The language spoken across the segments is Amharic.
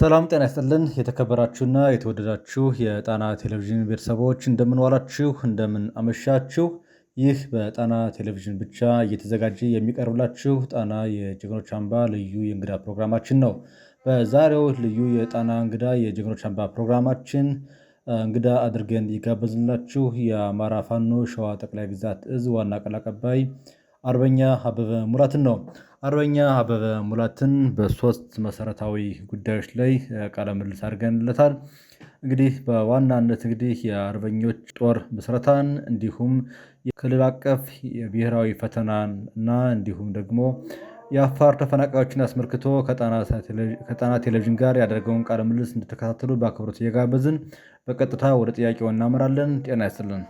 ሰላም ጤና ይስጥልን። የተከበራችሁና የተወደዳችሁ የጣና ቴሌቪዥን ቤተሰቦች እንደምን ዋላችሁ፣ እንደምን አመሻችሁ። ይህ በጣና ቴሌቪዥን ብቻ እየተዘጋጀ የሚቀርብላችሁ ጣና የጀግኖች አምባ ልዩ የእንግዳ ፕሮግራማችን ነው። በዛሬው ልዩ የጣና እንግዳ የጀግኖች አምባ ፕሮግራማችን እንግዳ አድርገን ይጋበዝላችሁ የአማራ ፋኖ ሸዋ ጠቅላይ ግዛት እዝ ዋና ቃል አቀባይ አርበኛ አበበ ሙራትን ነው። አርበኛ አበበ ሙላትን በሶስት መሰረታዊ ጉዳዮች ላይ ቃለ ምልልስ አድርገንለታል። እንግዲህ በዋናነት እንግዲህ የአርበኞች ጦር ምስረታን እንዲሁም የክልል አቀፍ የብሔራዊ ፈተናን እና እንዲሁም ደግሞ የአፋር ተፈናቃዮችን አስመልክቶ ከጣና ቴሌቪዥን ጋር ያደረገውን ቃለ ምልልስ እንድትከታተሉ በአክብሮት እየጋበዝን በቀጥታ ወደ ጥያቄው እናመራለን። ጤና ይስጥልን።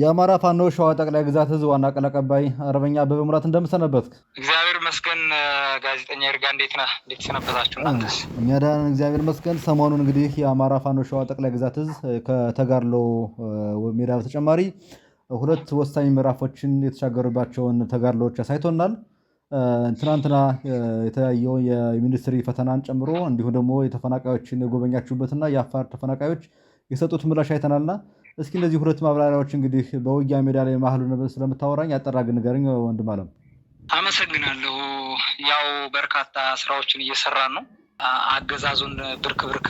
የአማራ ፋኖ ሸዋ ጠቅላይ ግዛት ህዝብ ዋና ቃል አቀባይ አርበኛ አበበ ሙራት እንደምሰነበትክ? እግዚአብሔር መስገን ጋዜጠኛ ይርጋ እንዴት ነህ? እንዴት ሰነበታችሁ? እኛ ደህና እግዚአብሔር መስገን። ሰሞኑን እንግዲህ የአማራ ፋኖ ሸዋ ጠቅላይ ግዛት ህዝብ ከተጋድሎ ሜዳ በተጨማሪ ሁለት ወሳኝ ምዕራፎችን የተሻገሩባቸውን ተጋድሎዎች አሳይቶናል። ትናንትና የተለያየው የሚኒስትሪ ፈተናን ጨምሮ እንዲሁም ደግሞ የተፈናቃዮችን የጎበኛችሁበትና የአፋር ተፈናቃዮች የሰጡት ምላሽ አይተናልና እስኪ እነዚህ ሁለት ማብራሪያዎች እንግዲህ በውጊያ ሜዳ ላይ መሀሉን ስለምታወራኝ አጠራግ ንገረኝ ወንድም አለም። አመሰግናለሁ። ያው በርካታ ስራዎችን እየሰራን ነው። አገዛዙን ብርክ ብርክ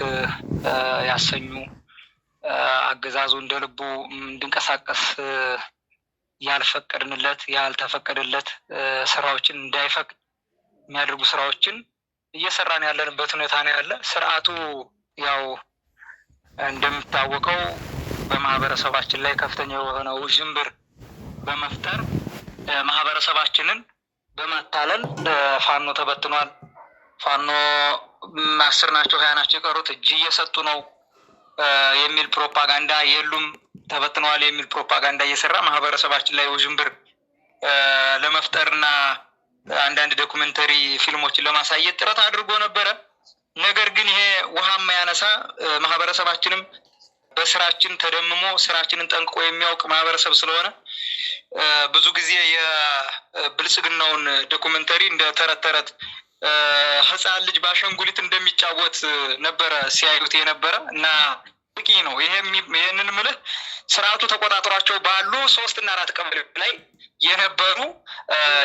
ያሰኙ አገዛዙ እንደ ልቡ እንድንቀሳቀስ ያልፈቀድንለት ያልተፈቀደለት ስራዎችን እንዳይፈቅድ የሚያደርጉ ስራዎችን እየሰራን ያለንበት ሁኔታ ነው ያለ። ስርዓቱ ያው እንደምታወቀው በማህበረሰባችን ላይ ከፍተኛ የሆነ ውዥንብር በመፍጠር ማህበረሰባችንን በማታለል ፋኖ ተበትኗል፣ ፋኖ አስር ናቸው ሀያ ናቸው የቀሩት እጅ እየሰጡ ነው የሚል ፕሮፓጋንዳ የሉም ተበትነዋል የሚል ፕሮፓጋንዳ እየሰራ ማህበረሰባችን ላይ ውዥንብር ለመፍጠርና አንዳንድ ዶኩሜንተሪ ፊልሞችን ለማሳየት ጥረት አድርጎ ነበረ። ነገር ግን ይሄ ውሃ የማያነሳ ማህበረሰባችንም በስራችን ተደምሞ ስራችንን ጠንቅቆ የሚያውቅ ማህበረሰብ ስለሆነ ብዙ ጊዜ የብልጽግናውን ዶኩመንተሪ እንደ ተረት ተረት ልጅ በአሻንጉሊት እንደሚጫወት ነበረ ሲያዩት የነበረ እና ጥቂ ነው። ይህንን ምልህ ስርዓቱ ተቆጣጥሯቸው ባሉ ሶስት እና አራት ቀበሌዎች ላይ የነበሩ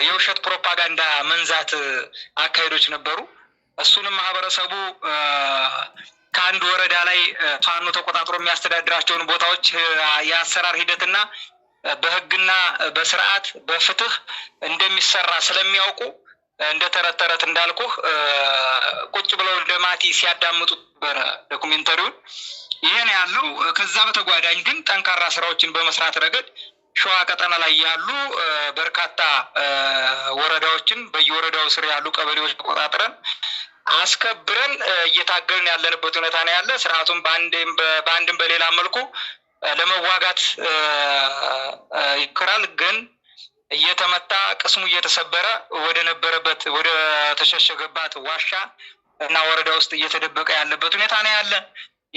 የውሸት ፕሮፓጋንዳ መንዛት አካሄዶች ነበሩ። እሱንም ማህበረሰቡ ከአንድ ወረዳ ላይ ፋኖ ተቆጣጥሮ የሚያስተዳድራቸውን ቦታዎች የአሰራር ሂደትና በህግና በስርዓት በፍትህ እንደሚሰራ ስለሚያውቁ እንደ ተረት ተረት እንዳልኩህ ቁጭ ብለው ደማቲ ሲያዳምጡ ነበረ ዶኩሜንተሪውን። ይህን ያለው ከዛ በተጓዳኝ ግን ጠንካራ ስራዎችን በመስራት ረገድ ሸዋ ቀጠና ላይ ያሉ በርካታ ወረዳዎችን በየወረዳው ስር ያሉ ቀበሌዎች ተቆጣጥረን አስከብረን እየታገልን ያለንበት ሁኔታ ነው ያለ። ስርዓቱም በአንድም በሌላ መልኩ ለመዋጋት ይከራል፣ ግን እየተመታ ቅስሙ እየተሰበረ ወደ ነበረበት ወደ ተሸሸገባት ዋሻ እና ወረዳ ውስጥ እየተደበቀ ያለበት ሁኔታ ነው ያለ።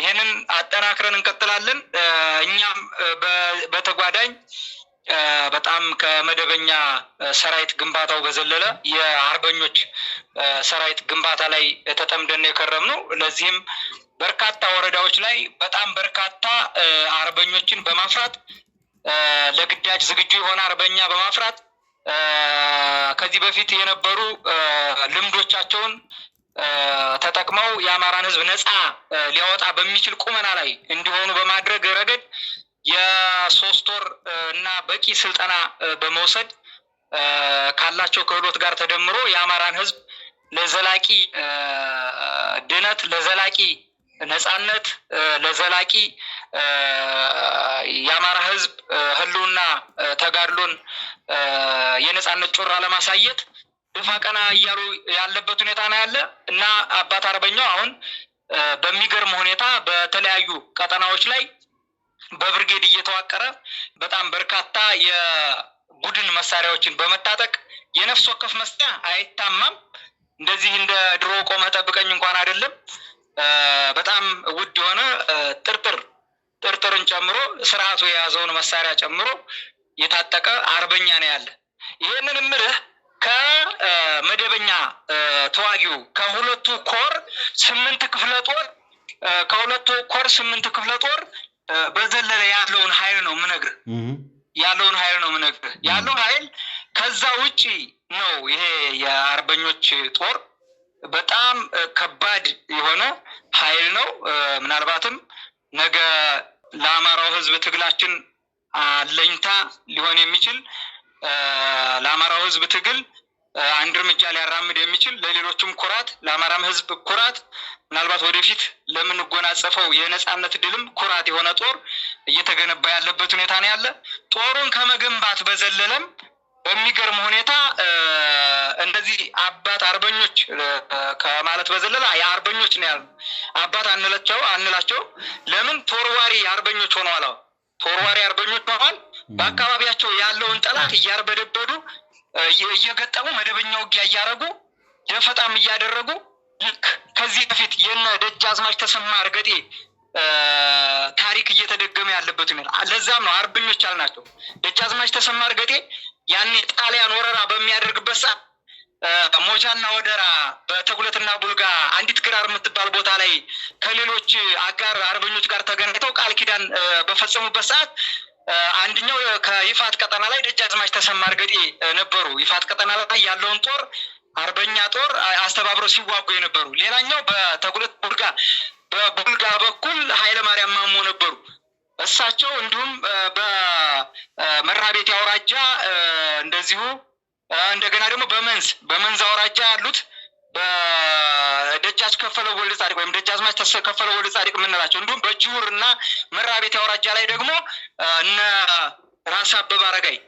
ይህንን አጠናክረን እንቀጥላለን። እኛም በተጓዳኝ በጣም ከመደበኛ ሰራዊት ግንባታው በዘለለ የአርበኞች ሰራዊት ግንባታ ላይ ተጠምደን የከረም ነው። ለዚህም በርካታ ወረዳዎች ላይ በጣም በርካታ አርበኞችን በማፍራት ለግዳጅ ዝግጁ የሆነ አርበኛ በማፍራት ከዚህ በፊት የነበሩ ልምዶቻቸውን ተጠቅመው የአማራን ሕዝብ ነፃ ሊያወጣ በሚችል ቁመና ላይ እንዲሆኑ በማድረግ ረገድ የሶስት ወር እና በቂ ስልጠና በመውሰድ ካላቸው ክህሎት ጋር ተደምሮ የአማራን ህዝብ ለዘላቂ ድነት፣ ለዘላቂ ነጻነት፣ ለዘላቂ የአማራ ህዝብ ህልውና ተጋድሎን የነጻነት ጮራ ለማሳየት ድፋ ቀና እያሉ ያለበት ሁኔታ ነው ያለ እና አባት አርበኛው አሁን በሚገርም ሁኔታ በተለያዩ ቀጠናዎች ላይ በብርጌድ እየተዋቀረ በጣም በርካታ የቡድን መሳሪያዎችን በመታጠቅ የነፍስ ወከፍ መስሪያ አይታማም። እንደዚህ እንደ ድሮ ቆመ ጠብቀኝ እንኳን አይደለም። በጣም ውድ የሆነ ጥርጥር ጥርጥርን ጨምሮ ስርዓቱ የያዘውን መሳሪያ ጨምሮ የታጠቀ አርበኛ ነው ያለ። ይህንን ምልህ ከመደበኛ ተዋጊው ከሁለቱ ኮር ስምንት ክፍለ ጦር ከሁለቱ ኮር ስምንት ክፍለ ጦር በዘለለ ያለውን ኃይል ነው ምነግር ያለውን ኃይል ነው ምነግር ያለው ኃይል ከዛ ውጪ ነው። ይሄ የአርበኞች ጦር በጣም ከባድ የሆነ ኃይል ነው። ምናልባትም ነገ ለአማራው ሕዝብ ትግላችን አለኝታ ሊሆን የሚችል ለአማራው ሕዝብ ትግል አንድ እርምጃ ሊያራምድ የሚችል ለሌሎችም ኩራት፣ ለአማራም ህዝብ ኩራት፣ ምናልባት ወደፊት ለምንጎናጸፈው የነጻነት ድልም ኩራት የሆነ ጦር እየተገነባ ያለበት ሁኔታ ነው ያለ። ጦሩን ከመገንባት በዘለለም በሚገርም ሁኔታ እንደዚህ አባት አርበኞች ከማለት በዘለለ የአርበኞች ነው ያሉ አባት አንላቸው አንላቸው ለምን ተወርዋሪ አርበኞች ሆነዋል። ተወርዋሪ አርበኞች መሆን በአካባቢያቸው ያለውን ጠላት እያርበደበዱ እየገጠሙ መደበኛ ውጊያ እያደረጉ ደፈጣም እያደረጉ ልክ ከዚህ በፊት የነ ደጃዝማች ተሰማ እርገጤ ታሪክ እየተደገመ ያለበት ይሆናል። ለዛም ነው አርበኞች አልናቸው። ደጃዝማች ተሰማ እርገጤ ያኔ ጣሊያን ወረራ በሚያደርግበት ሰዓት ሞጃና ወደራ በተጉለትና ቡልጋ አንዲት ግራር የምትባል ቦታ ላይ ከሌሎች አጋር አርበኞች ጋር ተገናኝተው ቃል ኪዳን በፈጸሙበት ሰዓት አንድኛው ከይፋት ቀጠና ላይ ደጃዝማች ተሰማ እርገጤ ነበሩ። ይፋት ቀጠና ላይ ያለውን ጦር አርበኛ ጦር አስተባብረው ሲዋጉ የነበሩ። ሌላኛው በተጉለት ቡልጋ በቡልጋ በኩል ኃይለ ማርያም ማሞ ነበሩ። እሳቸው እንዲሁም በመራ አውራጃ እንደዚሁ እንደገና ደግሞ በመንዝ በመንዝ አውራጃ ያሉት በደጃዝ ከፈለው ወልደ ጻድቅ ወይም ደጃዝማች ከፈለው ወልደ ጻድቅ የምንላቸው እንዲሁም በጅሁር እና መራቤቴ አውራጃ ላይ ደግሞ እነ ራስ አበበ አረጋይ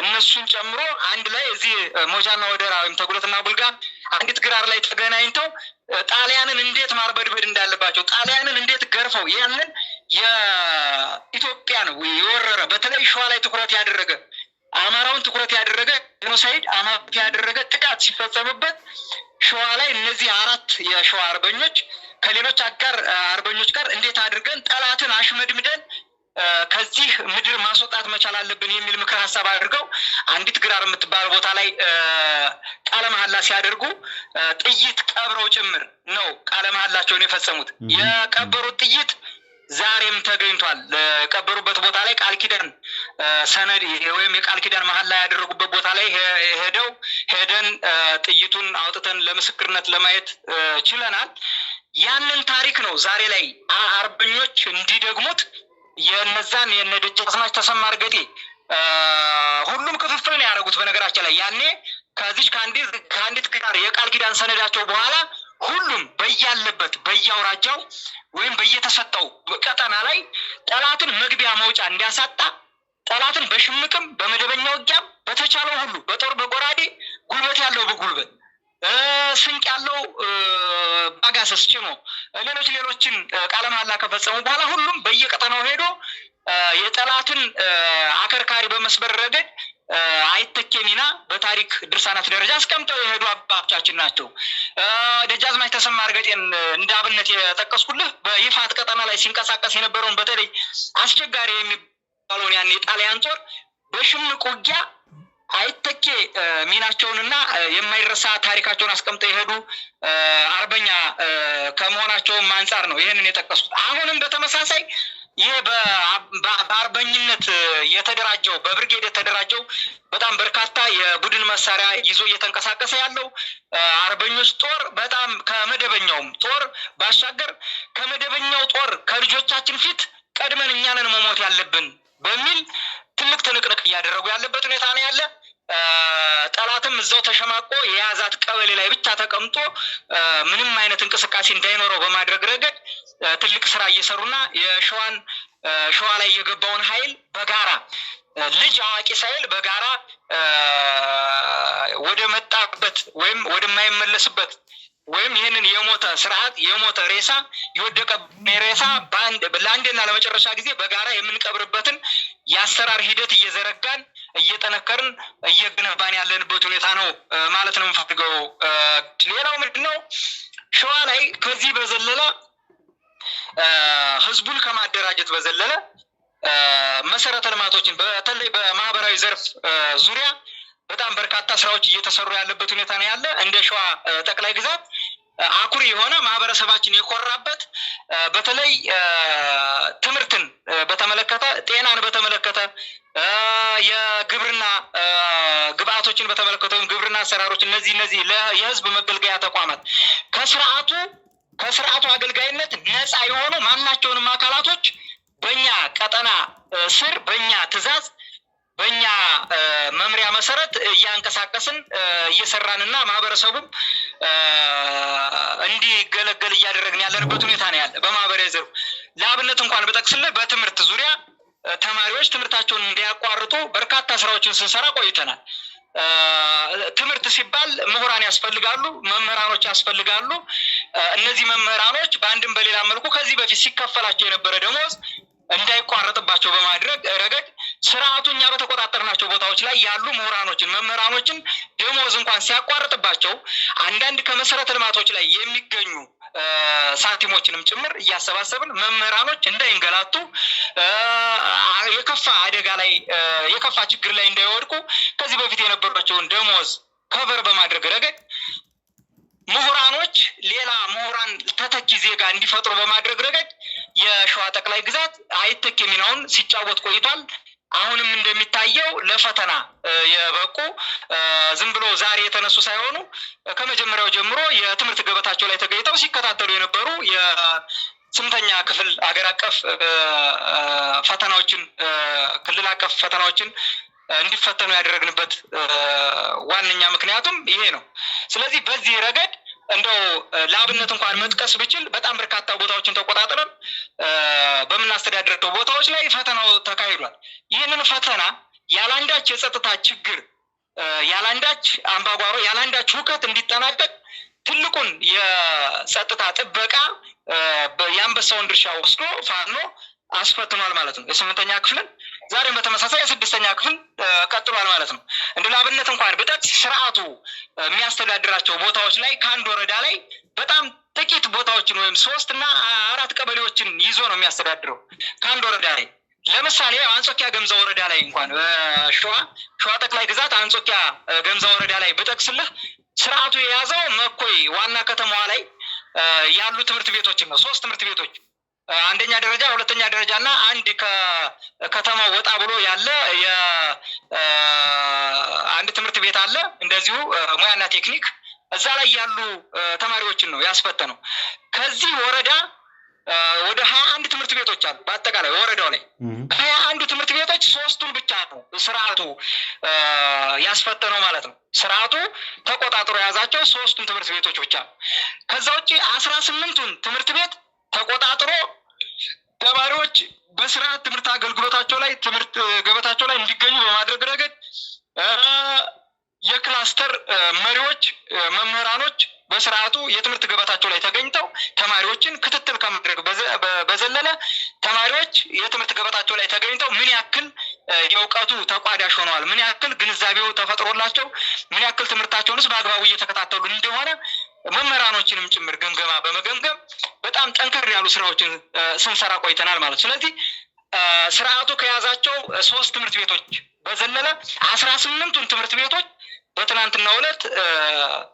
እነሱን ጨምሮ አንድ ላይ እዚህ ሞጃና ወደራ ወይም ተጉለትና ቡልጋ አንዲት ግራር ላይ ተገናኝተው ጣሊያንን እንዴት ማርበድበድ እንዳለባቸው ጣሊያንን እንዴት ገርፈው ያንን የኢትዮጵያን የወረረ በተለይ ሸዋ ላይ ትኩረት ያደረገ አማራውን ትኩረት ያደረገ ጄኖሳይድ አማራ ያደረገ ጥቃት ሲፈጸምበት ሸዋ ላይ እነዚህ አራት የሸዋ አርበኞች ከሌሎች አጋር አርበኞች ጋር እንዴት አድርገን ጠላትን አሽመድምደን ከዚህ ምድር ማስወጣት መቻል አለብን የሚል ምክር ሀሳብ አድርገው አንዲት ግራር የምትባል ቦታ ላይ ቃለ ሲያደርጉ ጥይት ቀብረው ጭምር ነው ቃለ መሐላቸውን የፈጸሙት። የቀበሩት ጥይት ዛሬም ተገኝቷል። ቀበሩበት ቦታ ላይ ቃል ኪዳን ሰነድ ወይም የቃል ኪዳን መሀል ላይ ያደረጉበት ቦታ ላይ ሄደው ሄደን ጥይቱን አውጥተን ለምስክርነት ለማየት ችለናል። ያንን ታሪክ ነው ዛሬ ላይ አርበኞች እንዲደግሙት የነዛን የነ ደጃዝማች ተሰማ እርገጤ ሁሉም ክፍፍል ነው ያደረጉት። በነገራችን ላይ ያኔ ከዚች ከአንዲት ከአንዲት የቃል ኪዳን ሰነዳቸው በኋላ ያለበት በየአውራጃው ወይም በየተሰጠው ቀጠና ላይ ጠላትን መግቢያ መውጫ እንዲያሳጣ ጠላትን በሽምቅም በመደበኛ ውጊያም በተቻለው ሁሉ በጦር በጎራዴ ጉልበት ያለው በጉልበት ስንቅ ያለው ባጋሰስ ጭኖ ሌሎች ሌሎችን ቃለ መሃላ ከፈጸሙ በኋላ ሁሉም በየቀጠናው ሄዶ የጠላትን አከርካሪ በመስበር ረገድ አይተኬ ሚና በታሪክ ድርሳናት ደረጃ አስቀምጠው የሄዱ አባቶቻችን ናቸው። ደጃዝማች ተሰማ እርገጤን እንደ አብነት የጠቀስኩልህ በይፋት ቀጠና ላይ ሲንቀሳቀስ የነበረውን በተለይ አስቸጋሪ የሚባለውን ያን የጣሊያን ጦር በሽምቅ ውጊያ አይተኬ ሚናቸውንና የማይረሳ ታሪካቸውን አስቀምጠው የሄዱ አርበኛ ከመሆናቸውም አንጻር ነው ይህንን የጠቀሱት። አሁንም በተመሳሳይ ይህ በአርበኝነት የተደራጀው በብርጌድ የተደራጀው በጣም በርካታ የቡድን መሳሪያ ይዞ እየተንቀሳቀሰ ያለው አርበኞች ጦር በጣም ከመደበኛውም ጦር ባሻገር ከመደበኛው ጦር ከልጆቻችን ፊት ቀድመን እኛንን መሞት ያለብን በሚል ትልቅ ትንቅንቅ እያደረጉ ያለበት ሁኔታ ነው ያለ። ጠላትም እዛው ተሸማቆ የያዛት ቀበሌ ላይ ብቻ ተቀምጦ ምንም አይነት እንቅስቃሴ እንዳይኖረው በማድረግ ረገድ ትልቅ ስራ እየሰሩና የሸዋን ሸዋ ላይ የገባውን ኃይል በጋራ ልጅ አዋቂ ሳይል በጋራ ወደ መጣበት ወይም ወደማይመለስበት ወይም ይህንን የሞተ ስርዓት የሞተ ሬሳ የወደቀ ሬሳ ለአንዴና ለመጨረሻ ጊዜ በጋራ የምንቀብርበትን የአሰራር ሂደት እየዘረጋን እየጠነከርን እየገነባን ያለንበት ሁኔታ ነው ማለት ነው የምፈልገው። ሌላው ምንድን ነው ሸዋ ላይ ከዚህ በዘለላ ህዝቡን ከማደራጀት በዘለለ መሰረተ ልማቶችን በተለይ በማህበራዊ ዘርፍ ዙሪያ በጣም በርካታ ስራዎች እየተሰሩ ያለበት ሁኔታ ነው ያለ። እንደ ሸዋ ጠቅላይ ግዛት አኩሪ የሆነ ማህበረሰባችን የኮራበት በተለይ ትምህርትን በተመለከተ፣ ጤናን በተመለከተ፣ የግብርና ግብአቶችን በተመለከተ ወይም ግብርና አሰራሮች እነዚህ እነዚህ የህዝብ መገልገያ ተቋማት ከስርዓቱ ከስርዓቱ አገልጋይነት ነፃ የሆኑ ማናቸውንም አካላቶች በእኛ ቀጠና ስር በእኛ ትዕዛዝ በእኛ መምሪያ መሰረት እያንቀሳቀስን እየሰራንና ማህበረሰቡም እንዲገለገል እያደረግን ያለንበት ሁኔታ ነው ያለ። በማህበሬ ዘርፍ ለአብነት እንኳን በጠቅስልህ በትምህርት ዙሪያ ተማሪዎች ትምህርታቸውን እንዲያቋርጡ በርካታ ስራዎችን ስንሰራ ቆይተናል። ትምህርት ሲባል ምሁራን ያስፈልጋሉ፣ መምህራኖች ያስፈልጋሉ። እነዚህ መምህራኖች በአንድም በሌላ መልኩ ከዚህ በፊት ሲከፈላቸው የነበረ ደሞዝ እንዳይቋረጥባቸው በማድረግ ረገድ ስርዓቱ እኛ በተቆጣጠርናቸው ቦታዎች ላይ ያሉ ምሁራኖችን፣ መምህራኖችን ደሞዝ እንኳን ሲያቋርጥባቸው አንዳንድ ከመሰረተ ልማቶች ላይ የሚገኙ ሳንቲሞችንም ጭምር እያሰባሰብን መምህራኖች እንዳይንገላቱ የከፋ አደጋ ላይ የከፋ ችግር ላይ እንዳይወድቁ ከዚህ በፊት የነበሯቸውን ደሞዝ ከቨር በማድረግ ረገድ ምሁራኖች ሌላ ምሁራን ተተኪ ዜጋ እንዲፈጥሩ በማድረግ ረገድ የሸዋ ጠቅላይ ግዛት አይተክ የሚናውን ሲጫወት ቆይቷል። አሁንም እንደሚታየው ለፈተና የበቁ ዝም ብሎ ዛሬ የተነሱ ሳይሆኑ ከመጀመሪያው ጀምሮ የትምህርት ገበታቸው ላይ ተገኝተው ሲከታተሉ የነበሩ ስምንተኛ ክፍል አገር አቀፍ ፈተናዎችን ክልል አቀፍ ፈተናዎችን እንዲፈተኑ ያደረግንበት ዋነኛ ምክንያቱም ይሄ ነው። ስለዚህ በዚህ ረገድ እንደው ለአብነት እንኳን መጥቀስ ብችል በጣም በርካታ ቦታዎችን ተቆጣጥረን በምናስተዳድረው ቦታዎች ላይ ፈተናው ተካሂዷል። ይህንን ፈተና ያላንዳች የጸጥታ ችግር፣ ያላንዳች አምባጓሮ፣ ያላንዳች ሁከት እንዲጠናቀቅ ትልቁን የጸጥታ ጥበቃ የአንበሳውን ድርሻ ወስዶ ፋኖ አስፈትኗል ማለት ነው የስምንተኛ ክፍልን ዛሬም በተመሳሳይ የስድስተኛ ክፍል ቀጥሏል ማለት ነው። እንደ ላብነት እንኳን ብጠቅስ ስርዓቱ የሚያስተዳድራቸው ቦታዎች ላይ ከአንድ ወረዳ ላይ በጣም ጥቂት ቦታዎችን ወይም ሶስት እና አራት ቀበሌዎችን ይዞ ነው የሚያስተዳድረው ከአንድ ወረዳ ላይ ለምሳሌ አንጾኪያ ገምዛ ወረዳ ላይ እንኳን ሸዋ ሸዋ ጠቅላይ ግዛት አንጾኪያ ገምዛ ወረዳ ላይ ብጠቅስልህ ስርዓቱ የያዘው መኮይ ዋና ከተማዋ ላይ ያሉ ትምህርት ቤቶችን ነው ሶስት ትምህርት ቤቶች አንደኛ ደረጃ ሁለተኛ ደረጃ እና አንድ ከከተማው ወጣ ብሎ ያለ አንድ ትምህርት ቤት አለ እንደዚሁ ሙያና ቴክኒክ እዛ ላይ ያሉ ተማሪዎችን ነው ያስፈተነው። ከዚህ ወረዳ ወደ ሀያ አንድ ትምህርት ቤቶች አሉ በአጠቃላይ ወረዳው ላይ ሀያ አንዱ ትምህርት ቤቶች ሶስቱን ብቻ ነው ስርዓቱ ያስፈተነው ማለት ነው። ስርዓቱ ተቆጣጥሮ የያዛቸው ሶስቱን ትምህርት ቤቶች ብቻ ነው። ከዛ ውጭ አስራ ስምንቱን ትምህርት ቤት ተቆጣጥሮ ተማሪዎች በስርዓት ትምህርት አገልግሎታቸው ላይ ትምህርት ገበታቸው ላይ እንዲገኙ በማድረግ ረገድ የክላስተር መሪዎች መምህራኖች በስርዓቱ የትምህርት ገበታቸው ላይ ተገኝተው ተማሪዎችን ክትትል ከማድረግ በዘለለ ተማሪዎች የትምህርት ገበታቸው ላይ ተገኝተው ምን ያክል የእውቀቱ ተቋዳሽ ሆነዋል፣ ምን ያክል ግንዛቤው ተፈጥሮላቸው፣ ምን ያክል ትምህርታቸውን በአግባቡ እየተከታተሉ እንደሆነ መምህራኖችንም ጭምር ግምገማ በመገምገም በጣም ጠንከር ያሉ ስራዎችን ስንሰራ ቆይተናል ማለት ስለዚህ ስርዓቱ ከያዛቸው ሶስት ትምህርት ቤቶች በዘለለ አስራ ስምንቱን ትምህርት ቤቶች በትናንትና ዕለት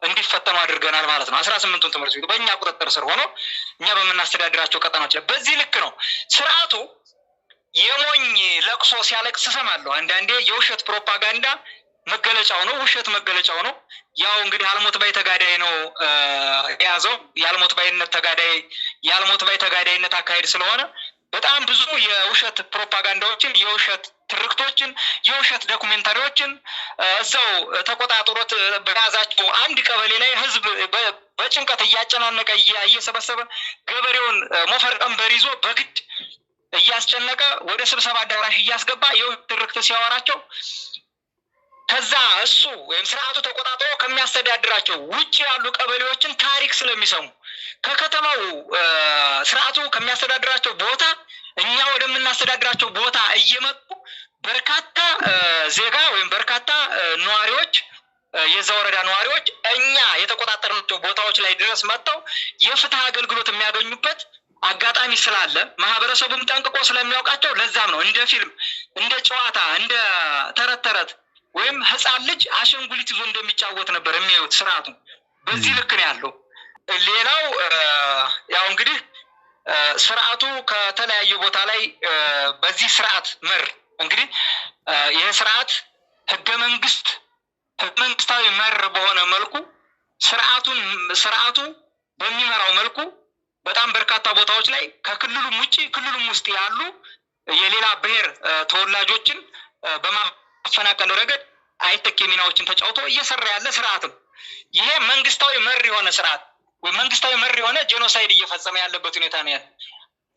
እንዲፈተኑ አድርገናል ማለት ነው። አስራ ስምንቱን ትምህርት ቤቶች በእኛ ቁጥጥር ስር ሆኖ እኛ በምናስተዳድራቸው ቀጠናዎች በዚህ ልክ ነው ስርዓቱ የሞኝ ለቅሶ ሲያለቅስ እሰማለሁ። አንዳንዴ የውሸት ፕሮፓጋንዳ መገለጫው ነው፣ ውሸት መገለጫው ነው። ያው እንግዲህ አልሞት ባይ ተጋዳይ ነው የያዘው። የአልሞት ባይነት ተጋዳይ የአልሞት ባይ ተጋዳይነት አካሄድ ስለሆነ በጣም ብዙ የውሸት ፕሮፓጋንዳዎችን፣ የውሸት ትርክቶችን፣ የውሸት ዶኩሜንታሪዎችን እዛው ተቆጣጥሮት በያዛቸው አንድ ቀበሌ ላይ ህዝብ በጭንቀት እያጨናነቀ እየሰበሰበ ገበሬውን ሞፈር ቀንበር ይዞ በግድ እያስጨነቀ ወደ ስብሰባ አዳራሽ እያስገባ የውሸት ትርክት ሲያወራቸው ከዛ እሱ ወይም ስርዓቱ ተቆጣጥሮ ከሚያስተዳድራቸው ውጭ ያሉ ቀበሌዎችን ታሪክ ስለሚሰሙ ከከተማው ስርዓቱ ከሚያስተዳድራቸው ቦታ እኛ ወደምናስተዳድራቸው ቦታ እየመጡ በርካታ ዜጋ ወይም በርካታ ነዋሪዎች የዛ ወረዳ ነዋሪዎች እኛ የተቆጣጠርናቸው ቦታዎች ላይ ድረስ መጥተው የፍትህ አገልግሎት የሚያገኙበት አጋጣሚ ስላለ ማህበረሰቡም ጠንቅቆ ስለሚያውቃቸው ለዛም ነው እንደ ፊልም እንደ ጨዋታ እንደ ተረት ተረት ወይም ህፃን ልጅ አሻንጉሊት ይዞ እንደሚጫወት ነበር የሚያዩት ስርዓቱ። በዚህ ልክ ነው ያለው። ሌላው ያው እንግዲህ ስርዓቱ ከተለያዩ ቦታ ላይ በዚህ ስርዓት መር እንግዲህ ይህ ስርዓት ህገ መንግስት ህገ መንግስታዊ መር በሆነ መልኩ ስርዓቱን ስርዓቱ በሚመራው መልኩ በጣም በርካታ ቦታዎች ላይ ከክልሉም ውጭ ክልሉም ውስጥ ያሉ የሌላ ብሔር ተወላጆችን በማ አፈናቀለው ረገድ አይተኬ ሚናዎችን ተጫውቶ እየሰራ ያለ ስርዓት ነው። ይሄ መንግስታዊ መር የሆነ ስርዓት ወይ መንግስታዊ መር የሆነ ጄኖሳይድ እየፈጸመ ያለበት ሁኔታ ነው ያለ።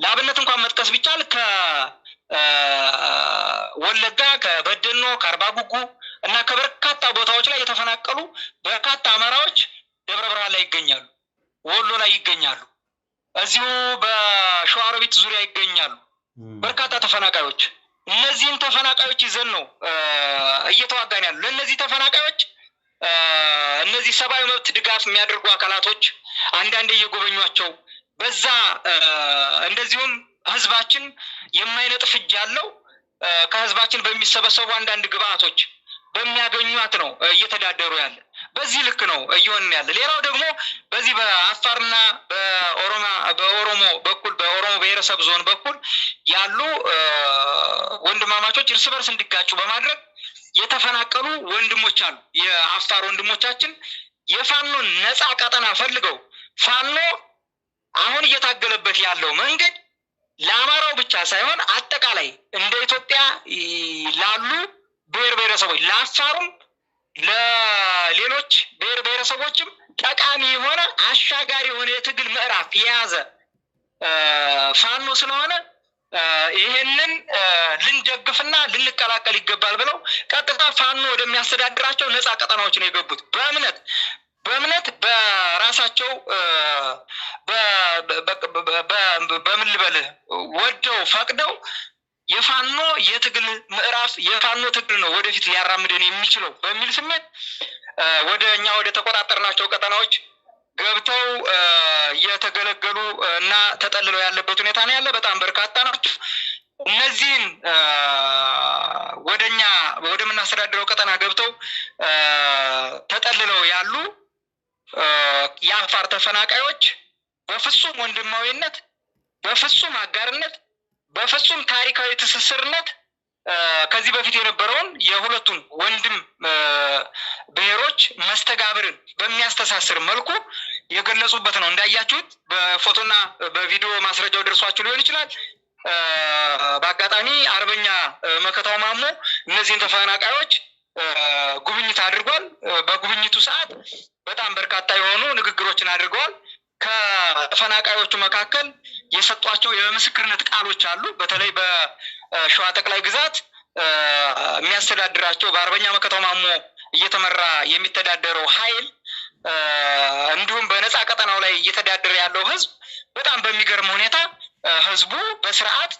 ለአብነት እንኳን መጥቀስ ቢቻል ከወለጋ ከበደኖ፣ ከአርባ ጉጉ እና ከበርካታ ቦታዎች ላይ የተፈናቀሉ በርካታ አማራዎች ደብረ ብርሃን ላይ ይገኛሉ፣ ወሎ ላይ ይገኛሉ፣ እዚሁ በሸዋሮቢት ዙሪያ ይገኛሉ በርካታ ተፈናቃዮች እነዚህን ተፈናቃዮች ይዘን ነው እየተዋጋን ያሉ። ለእነዚህ ተፈናቃዮች እነዚህ ሰብአዊ መብት ድጋፍ የሚያደርጉ አካላቶች አንዳንዴ እየጎበኟቸው በዛ እንደዚሁም ህዝባችን የማይነጥፍ እጅ ያለው ከህዝባችን በሚሰበሰቡ አንዳንድ ግብአቶች በሚያገኟት ነው እየተዳደሩ ያለ በዚህ ልክ ነው እየሆን ያለ። ሌላው ደግሞ በዚህ በአፋርና በኦሮሞ በኩል በኦሮሞ ብሔረሰብ ዞን በኩል ያሉ ወንድማማቾች እርስ በርስ እንዲጋጩ በማድረግ የተፈናቀሉ ወንድሞች አሉ። የአፋር ወንድሞቻችን የፋኖን ነፃ ቀጠና ፈልገው ፋኖ አሁን እየታገለበት ያለው መንገድ ለአማራው ብቻ ሳይሆን አጠቃላይ እንደ ኢትዮጵያ ላሉ ብሔር ብሔረሰቦች ለአፋሩም ለሌሎች ብሔር ብሔረሰቦችም ጠቃሚ የሆነ አሻጋሪ የሆነ የትግል ምዕራፍ የያዘ ፋኖ ስለሆነ ይህንን ልንደግፍና ልንቀላቀል ይገባል ብለው ቀጥታ ፋኖ ወደሚያስተዳድራቸው ነፃ ቀጠናዎች ነው የገቡት። በእምነት በእምነት በራሳቸው በምን ልበልህ ወደው ፈቅደው የፋኖ የትግል ምዕራፍ የፋኖ ትግል ነው ወደፊት ሊያራምደን የሚችለው በሚል ስሜት ወደ እኛ ወደ ተቆጣጠርናቸው ቀጠናዎች ገብተው እየተገለገሉ እና ተጠልለው ያለበት ሁኔታ ነው ያለ። በጣም በርካታ ናቸው። እነዚህን ወደኛ ወደምናስተዳድረው ቀጠና ገብተው ተጠልለው ያሉ የአፋር ተፈናቃዮች በፍጹም ወንድማዊነት፣ በፍጹም አጋርነት በፍጹም ታሪካዊ ትስስርነት ከዚህ በፊት የነበረውን የሁለቱን ወንድም ብሔሮች መስተጋብርን በሚያስተሳስር መልኩ የገለጹበት ነው። እንዳያችሁት በፎቶና በቪዲዮ ማስረጃው ደርሷችሁ ሊሆን ይችላል። በአጋጣሚ አርበኛ መከታው ማሞ እነዚህን ተፈናቃዮች ጉብኝት አድርጓል። በጉብኝቱ ሰዓት በጣም በርካታ የሆኑ ንግግሮችን አድርገዋል። ከተፈናቃዮቹ መካከል የሰጧቸው የምስክርነት ቃሎች አሉ። በተለይ በሸዋ ጠቅላይ ግዛት የሚያስተዳድራቸው በአርበኛ መከተማሞ ማሞ እየተመራ የሚተዳደረው ኃይል እንዲሁም በነፃ ቀጠናው ላይ እየተዳደረ ያለው ህዝብ በጣም በሚገርም ሁኔታ ህዝቡ በስርዓት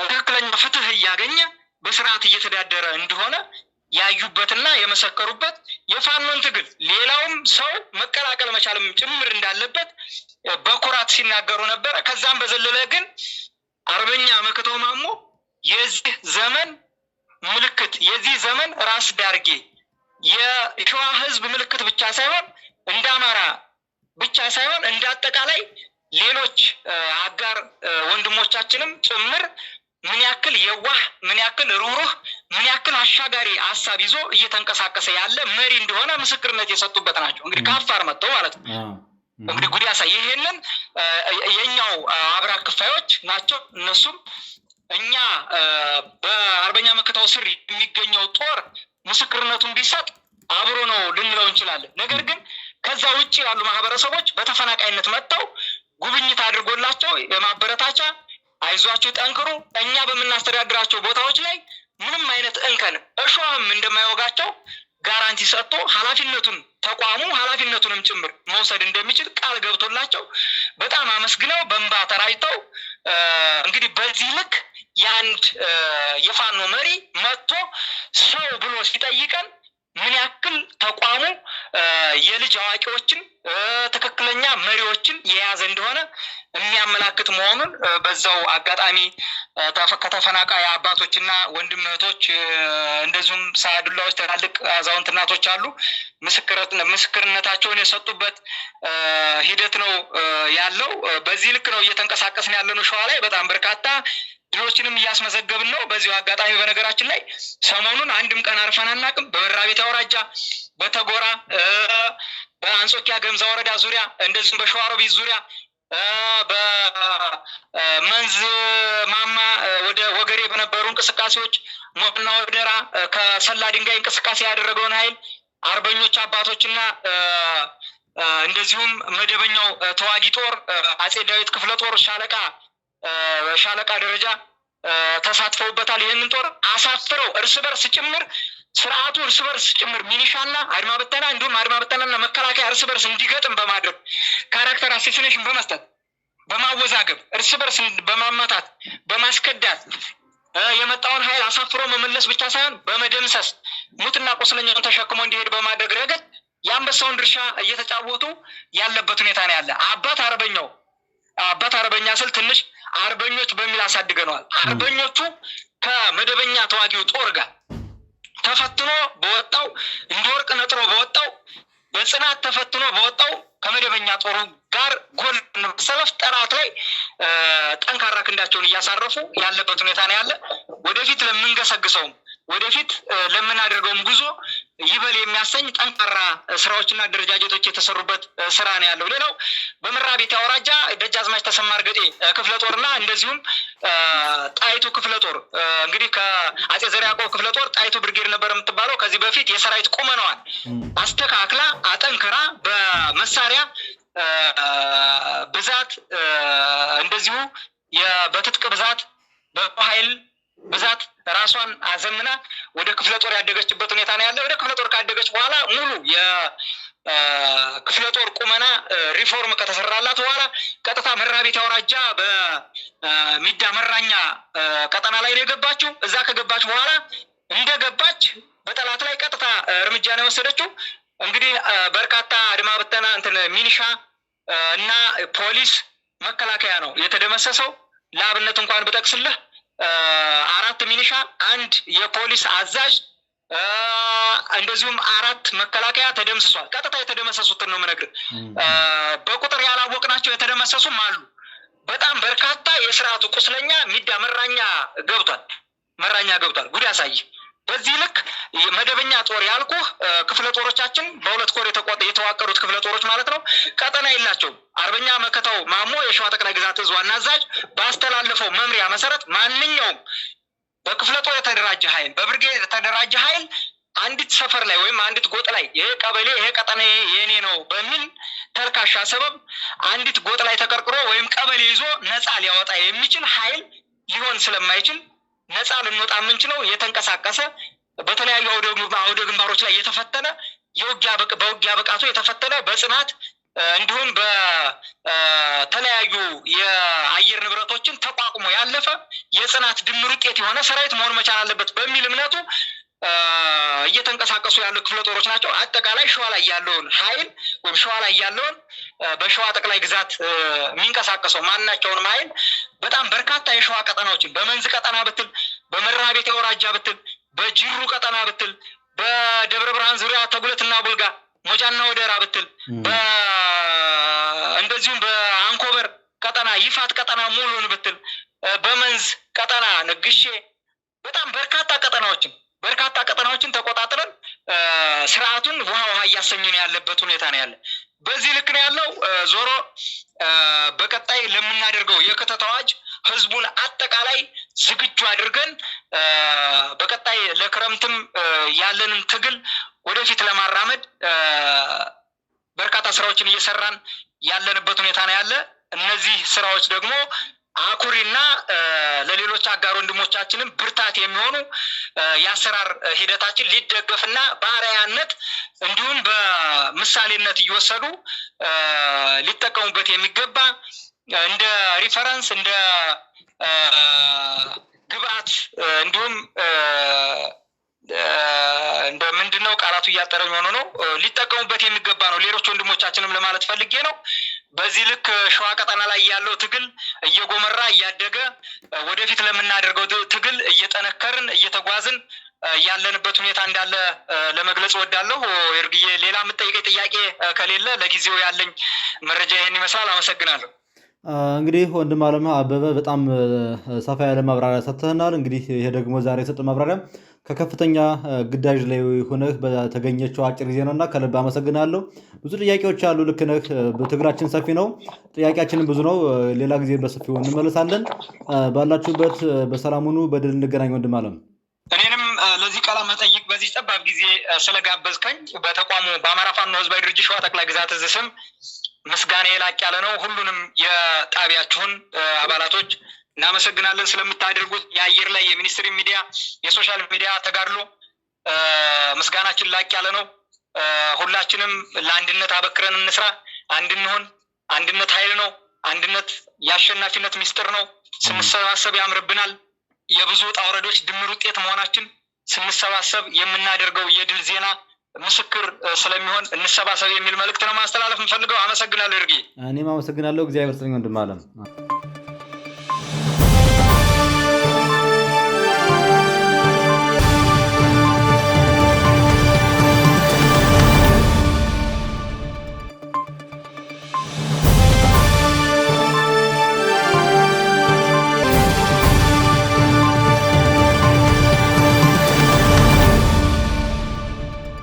ትክክለኛ ፍትህ እያገኘ በስርዓት እየተዳደረ እንደሆነ ያዩበትና የመሰከሩበት የፋኖን ትግል ሌላውም ሰው መቀላቀል መቻልም ጭምር እንዳለበት በኩራት ሲናገሩ ነበረ። ከዛም በዘለለ ግን አርበኛ መከተ ማሞ የዚህ ዘመን ምልክት የዚህ ዘመን ራስ ዳርጌ የሸዋ ሕዝብ ምልክት ብቻ ሳይሆን እንደ አማራ ብቻ ሳይሆን እንደ አጠቃላይ ሌሎች አጋር ወንድሞቻችንም ጭምር ምን ያክል የዋህ ምን ያክል ሩሩህ? ምን ያክል አሻጋሪ ሀሳብ ይዞ እየተንቀሳቀሰ ያለ መሪ እንደሆነ ምስክርነት የሰጡበት ናቸው። እንግዲህ ከአፋር መጥተው ማለት ነው። እንግዲህ ጉድ ይሄንን የኛው አብራ ክፋዮች ናቸው። እነሱም እኛ በአርበኛ መከታው ስር የሚገኘው ጦር ምስክርነቱን ቢሰጥ አብሮ ነው ልንለው እንችላለን። ነገር ግን ከዛ ውጭ ያሉ ማህበረሰቦች በተፈናቃይነት መጥተው ጉብኝት አድርጎላቸው የማበረታቻ አይዟችሁ፣ ጠንክሩ፣ እኛ በምናስተዳድራቸው ቦታዎች ላይ ምንም አይነት እንከን እሾህም እንደማይወጋቸው ጋራንቲ ሰጥቶ ኃላፊነቱን ተቋሙ ኃላፊነቱንም ጭምር መውሰድ እንደሚችል ቃል ገብቶላቸው በጣም አመስግነው በንባ ተራጭተው እንግዲህ በዚህ ልክ የአንድ የፋኖ መሪ መጥቶ ሰው ብሎ ሲጠይቀን ምን ያክል ተቋሙ የልጅ አዋቂዎችን ትክክለኛ መሪዎችን የያዘ እንደሆነ የሚያመላክት መሆኑን በዛው አጋጣሚ ከተፈናቃይ አባቶችና ወንድም እህቶች እንደዚሁም ሳያዱላዎች ትላልቅ አዛውንት እናቶች አሉ ምስክርነታቸውን የሰጡበት ሂደት ነው ያለው። በዚህ ልክ ነው እየተንቀሳቀስን ያለነው። ሸዋ ላይ በጣም በርካታ ድሎችንም እያስመዘገብን ነው። በዚሁ አጋጣሚ በነገራችን ላይ ሰሞኑን አንድም ቀን አርፈን አናውቅም። በመራቤት አውራጃ፣ በተጎራ፣ በአንጾኪያ ገምዛ ወረዳ ዙሪያ እንደዚሁም በሸዋሮቢት ዙሪያ በመንዝ ማማ ወደ ወገሬ በነበሩ እንቅስቃሴዎች ሞና ወደራ ከሰላ ድንጋይ እንቅስቃሴ ያደረገውን ኃይል አርበኞች አባቶችና እንደዚሁም መደበኛው ተዋጊ ጦር አጼ ዳዊት ክፍለ ጦር ሻለቃ ሻለቃ ደረጃ ተሳትፈውበታል። ይህንን ጦር አሳፍረው እርስ በርስ ጭምር ስርዓቱ እርስ በርስ ጭምር ሚኒሻና አድማ በጠና እንዲሁም አድማ በጠናና መከላከያ እርስ በርስ እንዲገጥም በማድረግ ካራክተር አሴሲኔሽን በመስጠት በማወዛገብ እርስ በርስ በማማታት በማስከዳት የመጣውን ኃይል አሳፍሮ መመለስ ብቻ ሳይሆን በመደምሰስ ሙትና ቁስለኛውን ተሸክሞ እንዲሄድ በማድረግ ረገድ የአንበሳውን ድርሻ እየተጫወቱ ያለበት ሁኔታ ነው ያለ። አባት አርበኛው አባት አርበኛ ስል ትንሽ አርበኞች በሚል አሳድገነዋል። አርበኞቹ ከመደበኛ ተዋጊው ጦር ጋር ተፈትኖ በወጣው እንደ ወርቅ ነጥሮ በወጣው በጽናት ተፈትኖ በወጣው ከመደበኛ ጦሩ ጋር ጎን ሰለፍ ጠራት ላይ ጠንካራ ክንዳቸውን እያሳረፉ ያለበት ሁኔታ ነው ያለ። ወደፊት ለምንገሰግሰውም ወደፊት ለምናደርገውም ጉዞ ይበል የሚያሰኝ ጠንካራ ስራዎችና ደረጃጀቶች የተሰሩበት ስራ ነው ያለው። ሌላው በምራ ቤት አውራጃ ደጃዝማች ተሰማ እርገጤ ክፍለ ጦርና እንደዚሁም ጣይቱ ክፍለ ጦር እንግዲህ ከአጼ ዘርዓ ክፍለ ጦር ጣይቱ ብርጌድ ነበር የምትባለው። ከዚህ በፊት የሰራዊት ቁመነዋል አስተካክላ አጠንክራ በመሳሪያ ብዛት እንደዚሁ በትጥቅ ብዛት በኃይል ብዛት ራሷን አዘምና ወደ ክፍለ ጦር ያደገችበት ሁኔታ ነው ያለ። ወደ ክፍለ ጦር ካደገች በኋላ ሙሉ የክፍለ ጦር ቁመና ሪፎርም ከተሰራላት በኋላ ቀጥታ መራቤት አውራጃ በሚዳ መራኛ ቀጠና ላይ ነው የገባችው። እዛ ከገባች በኋላ እንደገባች በጠላት ላይ ቀጥታ እርምጃ ነው የወሰደችው። እንግዲህ በርካታ አድማ ብተና እንትን ሚኒሻ እና ፖሊስ መከላከያ ነው የተደመሰሰው። ለአብነት እንኳን ብጠቅስልህ አራት ሚኒሻ፣ አንድ የፖሊስ አዛዥ እንደዚሁም አራት መከላከያ ተደምስሷል። ቀጥታ የተደመሰሱትን ነው የምነግርህ። በቁጥር ያላወቅናቸው የተደመሰሱም አሉ። በጣም በርካታ የስርዓቱ ቁስለኛ ሚዳ መራኛ ገብቷል። መራኛ ገብቷል። ጉድ ያሳይ። በዚህ ልክ መደበኛ ጦር ያልኩ ክፍለ ጦሮቻችን በሁለት ኮር የተዋቀሩት ክፍለ ጦሮች ማለት ነው ቀጠና የላቸውም። አርበኛ መከታው ማሞ የሸዋ ጠቅላይ ግዛት እዝ ዋና አዛዥ ባስተላለፈው መምሪያ መሰረት ማንኛውም በክፍለ ጦር የተደራጀ ኃይል በብርጌድ የተደራጀ ኃይል አንዲት ሰፈር ላይ ወይም አንዲት ጎጥ ላይ ይሄ ቀበሌ ይሄ ቀጠና የእኔ ነው በሚል ተልካሽ ሰበብ አንዲት ጎጥ ላይ ተቀርቅሮ ወይም ቀበሌ ይዞ ነፃ ሊያወጣ የሚችል ኃይል ሊሆን ስለማይችል ነፃ ልንወጣ የምንችለው የተንቀሳቀሰ በተለያዩ አውደ ግንባሮች ላይ የተፈተነ በውጊያ ብቃቱ የተፈተነ በጽናት እንዲሁም በተለያዩ የአየር ንብረቶችን ተቋቁሞ ያለፈ የጽናት ድምር ውጤት የሆነ ሰራዊት መሆን መቻል አለበት በሚል እምነቱ እየተንቀሳቀሱ ያሉ ክፍለ ጦሮች ናቸው። አጠቃላይ ሸዋ ላይ ያለውን ኃይል ወይም ሸዋ ላይ ያለውን በሸዋ ጠቅላይ ግዛት የሚንቀሳቀሰው ማናቸውን ማይል በጣም በርካታ የሸዋ ቀጠናዎችን በመንዝ ቀጠና ብትል፣ ቤት አውራጃ ብትል፣ በጅሩ ቀጠና ብትል፣ በደብረ ብርሃን ዙሪያ ተጉለትና ቡልጋ ሞጃና ወደራ ብትል፣ እንደዚሁም በአንኮበር ቀጠና ይፋት ቀጠና ሙሉን ብትል፣ በመንዝ ቀጠና ንግሼ በጣም በርካታ ቀጠናዎችን በርካታ ቀጠናዎችን ተቆጣጥረን ስርዓቱን ውሃ ውሃ እያሰኘን ያለበት ሁኔታ ነው ያለ። በዚህ ልክ ነው ያለው። ዞሮ በቀጣይ ለምናደርገው የክተት አዋጅ ህዝቡን አጠቃላይ ዝግጁ አድርገን በቀጣይ ለክረምትም ያለንን ትግል ወደፊት ለማራመድ በርካታ ስራዎችን እየሰራን ያለንበት ሁኔታ ነው ያለ። እነዚህ ስራዎች ደግሞ አኩሪና ለሌሎች አጋር ወንድሞቻችንም ብርታት የሚሆኑ የአሰራር ሂደታችን ሊደገፍና በአርአያነት እንዲሁም በምሳሌነት እየወሰዱ ሊጠቀሙበት የሚገባ እንደ ሪፈረንስ እንደ ግብአት እንዲሁም እንደ ምንድን ነው ቃላቱ እያጠረኝ ሆኖ ነው ሊጠቀሙበት የሚገባ ነው። ሌሎች ወንድሞቻችንም ለማለት ፈልጌ ነው። በዚህ ልክ ሸዋ ቀጠና ላይ ያለው ትግል እየጎመራ እያደገ ወደፊት ለምናደርገው ትግል እየጠነከርን እየተጓዝን ያለንበት ሁኔታ እንዳለ ለመግለጽ ወዳለሁ። እርግዬ ሌላ የምጠይቀኝ ጥያቄ ከሌለ ለጊዜው ያለኝ መረጃ ይህን ይመስላል። አመሰግናለሁ። እንግዲህ ወንድም አለምህ አበበ በጣም ሰፋ ያለ ማብራሪያ ሰጥተናል። እንግዲህ ይሄ ደግሞ ዛሬ የሰጠ ማብራሪያ ከከፍተኛ ግዳጅ ላይ ሆነህ በተገኘችው አጭር ጊዜ ነውና ከልብ አመሰግናለሁ። ብዙ ጥያቄዎች አሉ። ልክ ነህ። ትግራችን ሰፊ ነው። ጥያቄያችንም ብዙ ነው። ሌላ ጊዜ በሰፊው እንመለሳለን። ባላችሁበት በሰላም ሁኑ። በድል እንገናኝ። ወንድም አለም፣ እኔንም ለዚህ ቃለ መጠይቅ በዚህ ጠባብ ጊዜ ስለጋበዝከኝ በተቋሙ በአማራ ፋኖ ህዝባዊ ድርጅት ሸዋ ጠቅላይ ግዛት እዝ ስም ምስጋና የላቅ ያለ ነው። ሁሉንም የጣቢያችሁን አባላቶች እናመሰግናለን ስለምታደርጉት የአየር ላይ የሚኒስትሪ ሚዲያ የሶሻል ሚዲያ ተጋድሎ ምስጋናችን ላቅ ያለ ነው። ሁላችንም ለአንድነት አበክረን እንስራ፣ አንድንሆን። አንድነት ኃይል ነው። አንድነት የአሸናፊነት ሚስጥር ነው። ስንሰባሰብ ያምርብናል። የብዙ ውጣ ውረዶች ድምር ውጤት መሆናችን ስንሰባሰብ የምናደርገው የድል ዜና ምስክር ስለሚሆን እንሰባሰብ የሚል መልእክት ነው ማስተላለፍ የምፈልገው። አመሰግናለሁ። እርጌ እኔም አመሰግናለሁ። እግዚአብሔር ይመስገን ወንድም አለም